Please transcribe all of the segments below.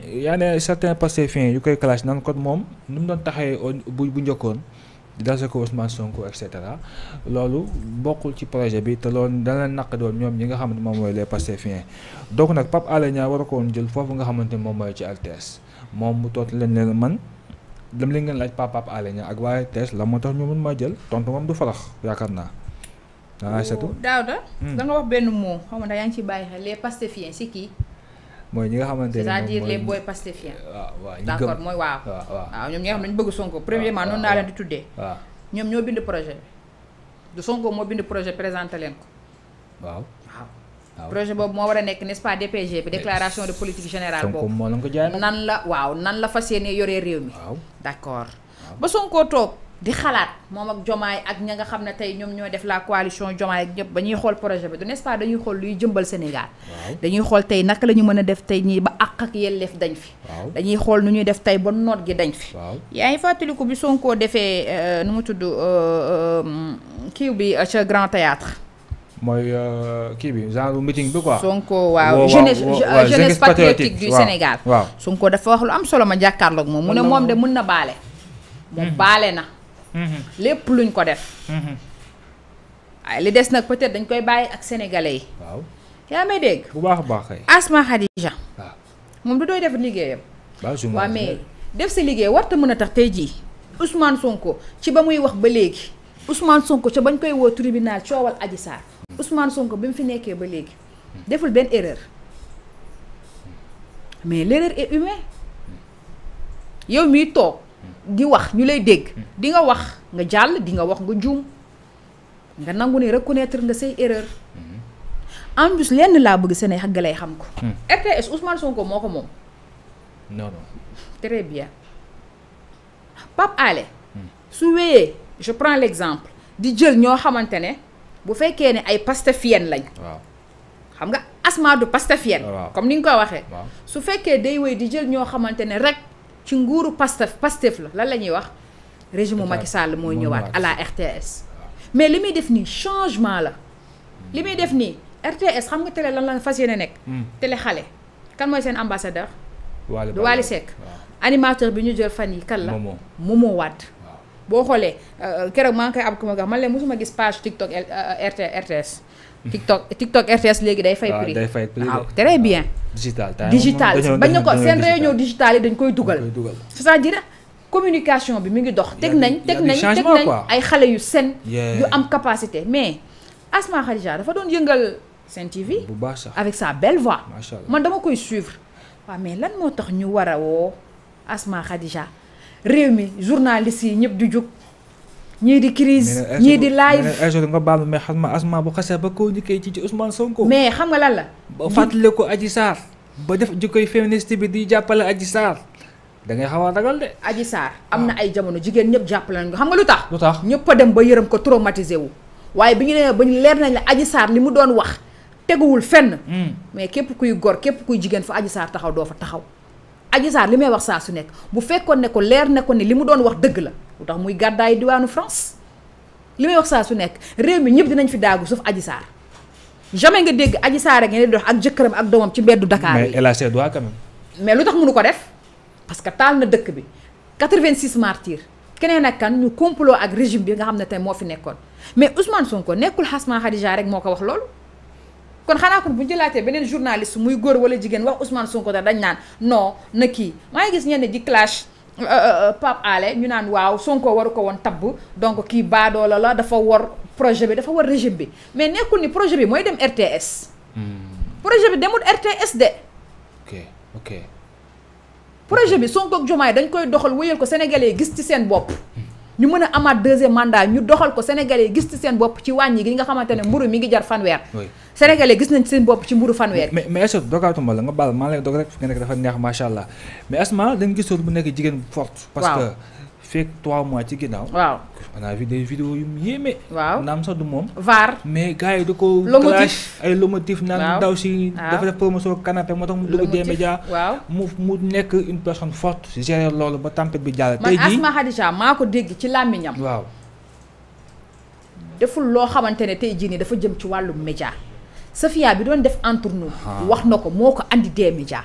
yaa ne certains Pastefien yu koy clash naan moom nu mu doon taxee bu bu njëkkoon dase ko Ousmane Sonko et cetera loolu bokkul ci projet bi te loolu dana leen naq doon ñoom ñi nga xamante moom mooy les Pastefien donc nag Pape Alé Niang war a ko woon jël foofu nga xamante moom mooy ci RTS moom mu toot leen leen man dam li ngeen laaj Pape Pape Alé Niang ak waaye RTS la moo tax ñu mun ma jël tontu moom du farax yaakaar naa waaw hmm. c'est tout Daouda mooy ñi nga xamante ne c'est-à-dire les boy pastifiens. Ah, waaw d'accord mooy waaw. Ah, waaw ah, ñoom ñi xam ne dañu bëgg Sonko premièrement noonu naa leen di tuddee. ñoom ñoo bind projet bi. du moo bind projet présenté leen ko. waaw waaw. projet boobu moo war a nekk n'est-ce pas DPG bi déclaration de politique général boobu moo leen ko jaay nan la waaw nan la fa yéenee yore réew mi. waaw d'accord ba Sonko toog. di xalaat moom ak jomaay ak ña nga xam ne tey ñoom ñoo def la coalition jomaay ak ñëpp ba ñuy xool projet bi du nest pas dañuy xool luy jëmbal Sénégal dañuy xool tey naka la ñu mën a def tey ñii ba àq ak yelleef dañ fi dañuy xool nu ñuy def tey ba noot gi dañ fi yaa ngi fàttaliku bi ko defee euh, nu mu tudd euh, euh, kiiw bi ca Grand Théâtre mooy kii bi genre meeting bi quoi. Sonko waaw jeunesse jeunesse patriotique du Sénégal. waaw Sonko dafa wax lu am solo ma jàkkaarloog moom. mu ne moom de mën na baale. mu hmm. baale na. Mm-hmm. lépp luñ ko def. waaye mm-hmm. li des nag peut dañ koy bàyyi ak sénégalais yi. waaw yaa may dégg. bu baax a baax kay. Asma Khadija. Ah. moom du doy def liggéeyam. waaw mais def si liggéey warta mën a tax tey jii Ousmane Sonko ci ba muy wax ba léegi Ousmane Sonko ca bañ koy woo tribunal coowal Adji Sarr mm. Ousmane Sonko bi mu fi nekkee ba léegi deful benn erreur mm. mais l'erreur est yow miy toog. di wax ñu lay dégg mm. di nga wax nga jàll di nga wax nga juum nga nangu ne reconnaître nga say erreur mm-hmm. en plus lenn laa bëgg seen xagg lay xam ko mm. RTS Ousmane ko moo ko moom non non très bien Pape mm. su wéyee je prends l'exemple di jël ñoo xamante ne bu fekkee ne ay pastefienne lañ waaw xam nga asma du pastefienne comme ni nga ko waxee su fekkee day wéy di jël ñoo xamante ne rek ci nguuru pastef pastef la lan la ñuy wax régime Macky Sall mooy ñëwaat à la RTS mais li muy def nii changement la li muy def nii RTS xam nga télé lan la fas yéene nekk hmm. télé xale kan mooy seen ambassadeur Wally Seck animateur bi ñu jël fan yi kan la Momo Wade boo xoolee euh, keroog maa ngi koy ab ku ma gax man leen mosuma gis page TikTok euh, euh, RTS hmm. TikTok TikTok RTS léegi day fay prix waaw ah, très bien digital digital bañ na ko seen réunion digital yi dañ koy dugal c'est-à-dire communication bi mu ngi dox teg nañ teg nañ teg nañ ay xale yu seen yu am capacité mais Asma Khadija dafa doon yëngal Sen TV bu baax sax avec sa belle voix man dama koy suivre waaw mais lan moo tax ñu war a woo Asma Khadija réew mi journaliste yi ñëpp di jóg ñii di crise ñii di live mais nga baal mais xam ma asma bu xasee ba koo njëkkee ci ci Ousmane Sonko. mais xam nga lan la. ba fàttali ko Adji Sarr ba def jikkoy féministe bi di jàppale Adji Sarr da ngay xaw a ragal de. Adji Sarr ah. am na ay jamono jigéen ñëpp jàppale nañu xam nga lu tax. lu tax ñëpp a ba yërëm ko traumatisé wu. waaye bi ñu nee leer nañ la Adji Sarr mu doon wax teguwul fenn. Hmm. mais képp kuy gor képp kuy jigéen fa Adji Sarr taxaw doo fa taxaw. Adji Sarr li may wax saa su nekk bu fekkoon ne ko leer ne ko ni li mu doon wax dëgg la lu tax muy gàddaay diwaanu France li may wax saa su nekk réew mi ñëpp dinañ fi daagu suuf Adji Sarr jamais nga dégg Adji Sarr ak ngeen dox ak jëkkëram ak doomam ci mbeddu Dakar yi mais a ses droits quand même. mais lu tax mënu ko def parce que taal na dëkk bi 86 martyrs keneen ak kan ñu complot ak régime bi nga xam ne tey moo fi nekkoon mais Ousmane Sonko nekkul Hasma Khadija rek moo ko wax loolu. kon xanaa kon bu ñu jëlaatee beneen journaliste muy góor wala jigéen wax ko Sonko dañ naan non na kii maa gis ñenn di clash. Euh, euh, euh, Pape Alé ñu naan waaw Sonko waru ko woon tabb donc kii baadoola la dafa war projet bi dafa war régime bi mais nekkul ni projet bi mooy dem RTS. Hmm. projet bi demul RTS de. ok ok. projet bi soo ak Diomaye dañ koy doxal wéyal ko sénégalais gis ci seen bopp. ñu mën a amaat deuxième mandat ñu doxal ko sénégalais gis ci seen bopp ci wàññi gi nga xamante ne mburu mi ngi jar fanweer sénégalais gis nañ ci seen bopp ci mburu fanweer mais mais est dogaatuma la nga baal maa lay dog rek nga nekk dafa neex macha allah mais asma dañ gisoon bu nekk jigéen forte parce que fekk trois mois ci ginnaaw. waaw on a vu des yéeme. waaw naam sax du moom. vaar mais gars yi da ko. lomotif ay lomotif naan ndaw si. Ah. dafa def promotion canapé moo tax mu dugg des médias. nekk une personne forte. ba tempête bi jàll. tey jii man Asma Khadija maa ko dégg ci làmmiñam. waaw. deful loo xamante ne tey jii nii dafa jëm ci wàllu média. Safia bi doon def entournou. Ah. wax na ko moo ko andi des médias.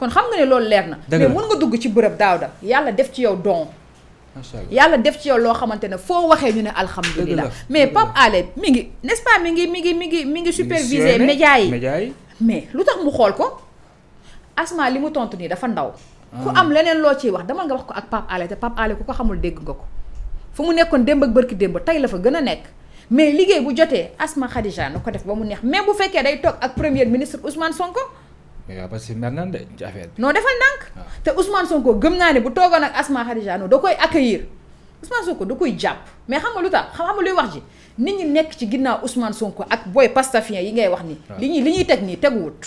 kon xam nga ne loolu leer na. mais mën nga dugg ci bërëb daaw da yàlla def ci yow don. yàlla def ci yow loo xamante ne foo waxee ñu ne alhamdulilah mais Pape Alé mi ngi n'est-ce pas mi ngi mi ngi mi ngi mi ngi superviser médias yi mais lu tax mu xool ko Asma li mu tontu nii dafa ndaw ah. ku am leneen loo ciy wax dama nga wax ko ak Pape Alé te Pape ku ko xamul dégg nga ko fu mu nekkoon démb ak bërki démb tey la fa gën a nekk mais liggéey bu jotee Asma Khadija na ko def ba mu neex mais bu fekkee day toog ak premier ministre Ousmane Sonko mais waaw parce defal ndànk. Ah. te Ousmane Sonko gëm naa ne bu toogoon ak Asma Khadija non da koy accueillir Ousmane Sonko da koy jàpp mais xam nga lu tax xam nga luy wax ji nit ñi nekk ci ginnaaw Ousmane Sonko ak boy pastafien yi ngay wax ni ah. li ñuy li ñuy teg nii wut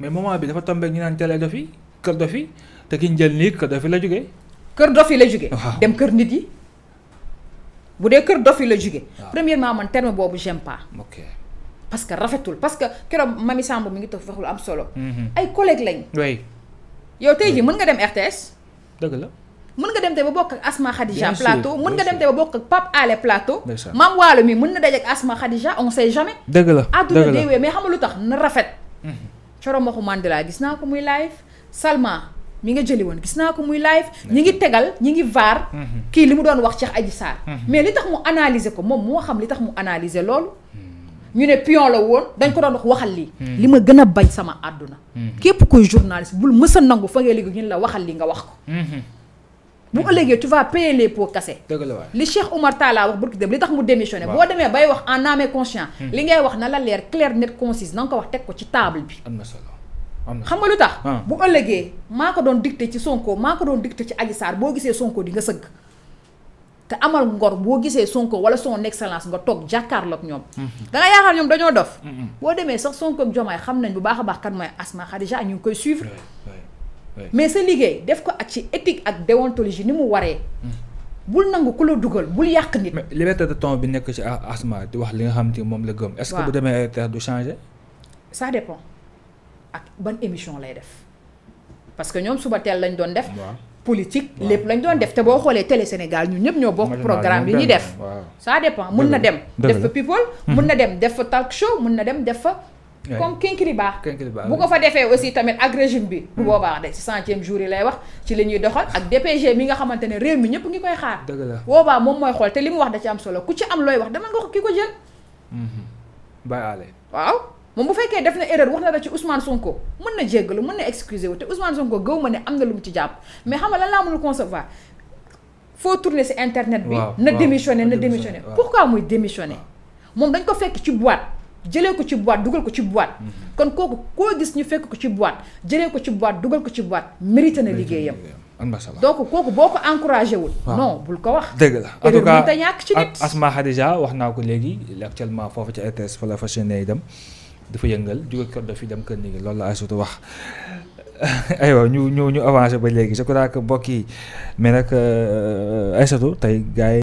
mais moment bi dafa tombé ñu naan télé dofi kër dofi te ki ñu jël nii kër dofi la jóge kër dofi la jóge dem kër nit yi bu dee kër dofi la jógee. Ah. premièrement man terme boobu j'aime pas. ok parce que rafetul parce que keroom Mamy Samb mi ngi toog wax lu am solo. Mhm. ay collègues lañ. oui. yow tey jii mën nga dem RTS. dëgg la. mën nga dem te ba bokk ak Asma Khadija plateau mën nga dem te ba bokk ak Pape Alé plateau maam waalo mi mën na daje ak Asma Khadija on sait jamais dëgg la àdduna déewee mais xam lu tax na rafet mhm. Coro Maxu Mandela gis naa ko muy live Salma mi nga jëli woon gis naa ko muy live ñi ngi tegal ñi ngi vaar mhm. kii li mu doon wax Cheikh aj Sarr mais li tax mu analyser ko moom moo xam li tax mu analyser loolu ñu ne pion la woon dañ ko doon wax waxal lii. Hmm. li ma gën a bañ sama àdduna. Hmm. képp kuy journaliste bul mës a nangu fa ngay liggéey ñu la waxal li nga wax ko. Hmm. bu ëllëgee tu vas payer les pots cassés. dëgg la waay li Cheikh Oumar wax barki dem li tax mu démissionné. boo demee bay wax en âme et li ngay wax na la leer clair net concise na nga ko wax teg ko ci table bi. am na solo xam nga lu tax. Ah. bu ëllëgee maa ko doon dicté ci Sonko maa ko doon dicté ci Adji boo gisee Sonko di nga sëgg. te amal ngor boo gisee Sonko wala son excellence nga toog jàkkaarlook ñoom da yaakaar ñoom dañoo dof boo demee sax Sonko ak xam nañ bu baax a baax kan mooy Asma Khadija ñu ngi koy suivre mais sa liggéey def ko ak ci éthique ak déontologie ni mu waree mm. bul nangu ku la dugal bul yàq nit mais liberté de ton bi nekk ci Asma di wax li nga xam te moom la gëm est-ce que bu demee RTS du changer ça dépend ak ban émission lay def parce que ñoom suba teel lañ doon def politique lépp lañ doon def te boo xoolee Télé Sénégal ñun ñëpp ñoo bokk programme yi ñuy def ça dépend mun na dem def fa people mun mhm. na dem def fa talk show mun na dem def fa comme Kinkriba bu ko fa defee aussi tamit ak régime bi bu mhm. boobaa de ci centième jour yi lay wax ci li ñuy doxal ak DPG mi nga xamante ne réew mi ñëpp ngi koy xaar boobaa moom mooy xool te li mu wax da ci am solo ku ci am looy wax dama nga ko ki ko jël mhm. waaw moom bu fekkee def na erreur wax na la ci Ousmane Sonko mën na jéggalu mën na excuser wu te Ousmane Sonko gëw ma ne am na lu mu ci jàpp mais xam nga lan laa mënul concevoir foo tourner si internet bi. na démissionner na démissionner pourquoi muy démissionner moom dañ ko fekk ci boîte jëlee ko ci boîte dugal ko ci boîte. Mhm. kon kooku koo gis ñu fekk ko ci boîte jëlee ko ci boîte dugal ko ci boîte mérité na liggéeyam. donc kooku boo ko encouragé wul. non bul ko wax. dëgg la en tout cas Asma Khadija wax naa ko léegi actuellement foofu ci RTS fa la fas dem dafa yëngal jóge kër dafi dem kër nigi loolu la Aïssatou wax aywa ñu ñu ñu avancé ba léegi je crois que mbokk yi mais nag euh, Aïssatou tey gars